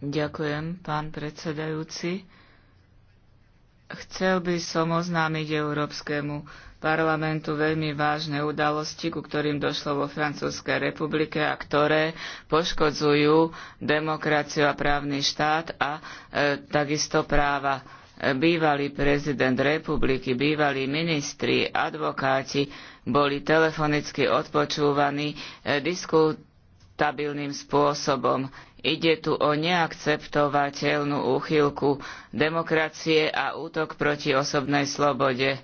Ďakujem, pán predsedajúci. Chcel by som oznámiť Európskemu parlamentu veľmi vážne udalosti, ku ktorým došlo vo Francúzskej republike a ktoré poškodzujú demokraciu a právny štát a e, takisto práva. Bývalý prezident republiky, bývalí ministri, advokáti boli telefonicky odpočúvaní, e, diskutovali stabilným spôsobom. Ide tu o neakceptovateľnú úchylku demokracie a útok proti osobnej slobode. E,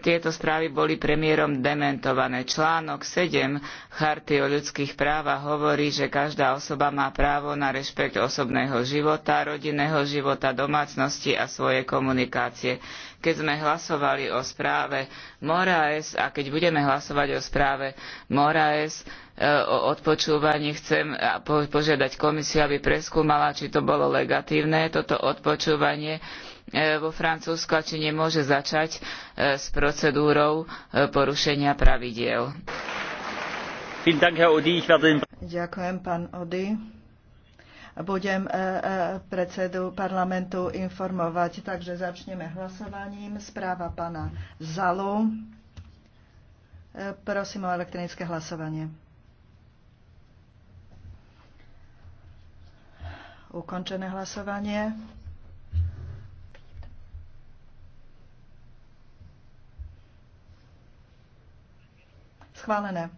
tieto správy boli premiérom dementované. Článok 7 Charty o ľudských právach hovorí, že každá osoba má právo na rešpekt osobného života, rodinného života, domácnosti a svojej komunikácie. Keď sme hlasovali o správe Moraes a keď budeme hlasovať o správe Moraes, e, o odpočúvaní chcem požiadať komisiu, aby preskúmala, či to bolo legatívne, toto odpočúvanie E, vo Francúzsku a či nemôže začať e, s procedúrou e, porušenia pravidiel. Ďakujem, pán Ody budem predsedu parlamentu informovať. Takže začneme hlasovaním. Správa pána Zalu. Prosím o elektronické hlasovanie. Ukončené hlasovanie. Schválené.